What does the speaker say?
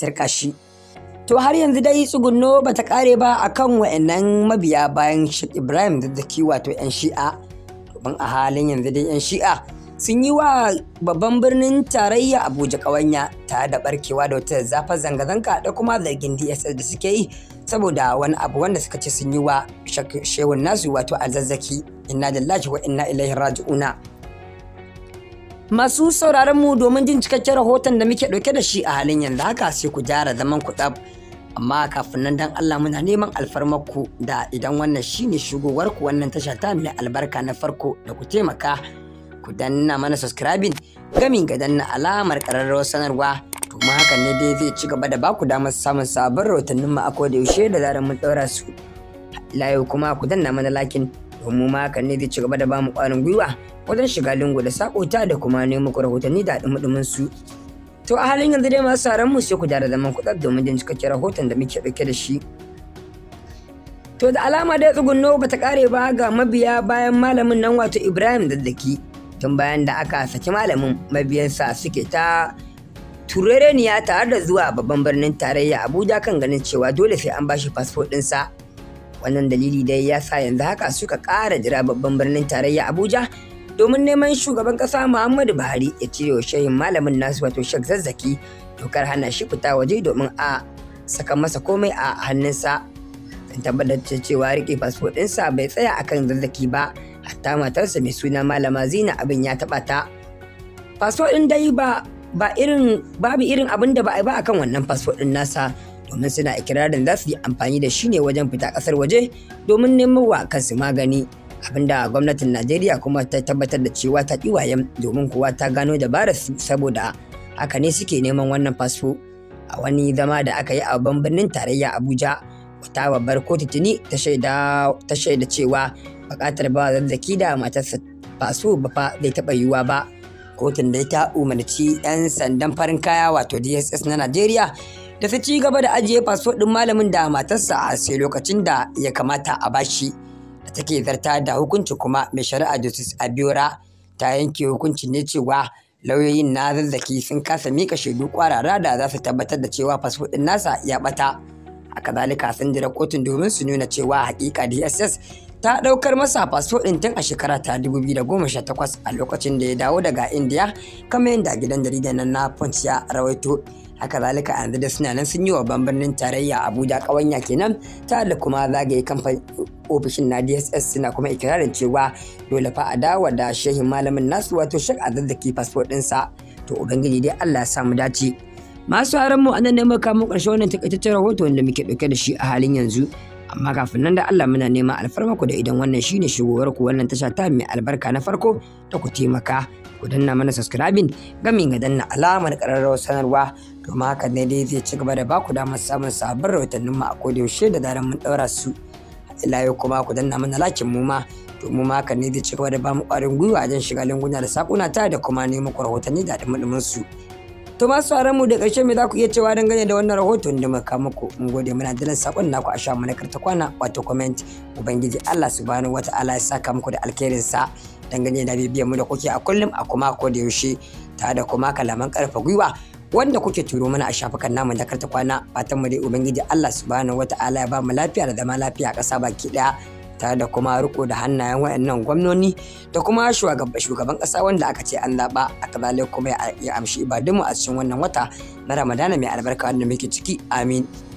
tirka to har yanzu dai tsugunno ba ta kare ba a kan wa'annan mabiya bayan Sheikh Ibrahim Zazzaki wato 'yan Shi'a domin a halin yanzu dai 'yan Shi'a sun yi wa babban birnin tarayya Abuja ƙawanya tare da barkewa da wata zafa zanga-zanga da kuma zargin DSS da suke yi saboda wani abu wanda suka ce sun yi wa shehun nasu wato alzazzaki inna lillahi wa inna ilaihi raji'una masu sauraron mu domin jin cikakken rahoton da muke ɗauke da shi a halin yanzu haka sai ku gyara zaman ku amma kafin nan dan Allah muna neman alfarmarku da idan wannan shine shigowar ku wannan tasha ta mai albarka na farko da ku taimaka ku danna mana subscribing gamin ga danna alamar ƙararrawar sanarwa ma hakan ne dai zai ci gaba da baku damar samun sabon rahotannin mu a koda yaushe da zarar mun daura su. Layo kuma ku danna mana lakin domin ma hakan ne zai ci gaba da ba mu ƙwarin gwiwa wajen shiga lingo da sakota da kuma nemo ku rahotanni da dumudumin su. To a halin yanzu dai masu sauran mu sai ku da zaman kuɗar domin jin cikakken rahoton da muke ɗauke da shi. To da alama dai tsugunno bata kare ba ga mabiya bayan malamin nan wato Ibrahim Daddaki tun bayan da aka saki malamin mabiyan sa suke ta turereniya tare da zuwa babban birnin tarayya Abuja kan ganin cewa dole sai an bashi fasfo ɗinsa. wannan dalili dai ya sa yanzu haka suka ƙara jira babban birnin tarayya abuja domin neman shugaban ƙasa muhammadu buhari ya cire wa shehin malamin nasu wato shek zazzaki dokar hana shi fita waje domin a saka masa komai a hannunsa don tabbatar da cewa rike fasfo ɗinsa bai tsaya akan zazzaki ba hatta matarsa mai suna malama zina abin ya taɓa ta fasfo ɗin dai ba ba irin babu irin abin da ba a ba akan wannan fasfo ɗin nasa domin suna ikirarin za su yi amfani da shi ne wajen fita kasar waje domin neman wa kansu magani abinda gwamnatin najeriya kuma ta tabbatar da cewa ta iwayen domin kuwa ta gano dabarar su saboda haka ne suke neman wannan fasfo a wani zama da aka yi a babban birnin tarayya abuja wata babbar kotu tuni ta shaida cewa bukatar ba zazzaki da matarsa faso ba fa zai taɓa yiwuwa ba. kotun da ta umarci 'yan sandan farin kaya wato dss na najeriya da su ci gaba da ajiye fasfo ɗin malamin da matarsa a sai lokacin da ya kamata a bashi da take zarta da hukunci kuma mai shari'a justice abiora ta yanke hukuncin ne cewa lauyoyin na zazzaki sun kasa mika shaidu kwarara da za su tabbatar da cewa fasfo ɗin nasa ya ɓata a kazalika sun jira kotun domin su nuna cewa hakika dss ta ɗaukar masa fasfo ɗin tun a shekara ta 2018 a lokacin da ya dawo daga indiya kamar yadda gidan jaridar nan na punch ya rawaito haka zalika a yanzu da suna nan sun yi wa bambanin tarayya abuja ƙawanya kenan ta da kuma zagaye kamfan ofishin na dss suna kuma ikirarin cewa dole fa a dawo da shehin malamin nasu wato shek azazzaki fasfo ɗinsa to ubangiji dai allah ya samu dace masu haran mu nan ne muka mu ƙarshe wannan takaitaccen rahoton da muke ɗauke da shi a halin yanzu amma kafin nan da Allah muna nema alfarma ku da idan wannan shine shigowar ku wannan tasha ta mai albarka na farko ta ku taimaka ku danna mana subscribing gami ga danna alamar ƙararrawar sanarwa domin haka ne dai zai ci gaba da ba ku damar samun sabbin rahotannin mu a kodayaushe da daren mun daura su ila yau kuma ku danna mana lakin mu ma domin ma haka ne zai ci gaba da ba mu ƙwarin gwiwa wajen shiga linguna da sakuna ta da kuma nemo ku rahotanni da dumin su. to masu mu da ƙarshe me za ku iya cewa dangane da wannan rahoton da muka muku mun gode muna dalan sakon naku a sha mu na karta kwana wato comment ubangiji Allah subhanahu wata'ala ya saka muku da alkhairin sa dangane da bibiyar mu da kuke a kullum a kuma ko da yaushe ta da kuma kalaman karfa gwiwa wanda kuke turo mana a shafukan namu da karta kwana fatan mu dai ubangiji Allah subhanahu wata'ala ya ba mu lafiya da zama lafiya a ƙasa baki ɗaya ta da kuma riko da hannayen wayannan gwamnoni da kuma shugaban kasa wanda aka ce an zaba a kazalai kuma ya amshi ibadunmu a cikin wannan wata na ramadana mai albarka wanda muke ciki amin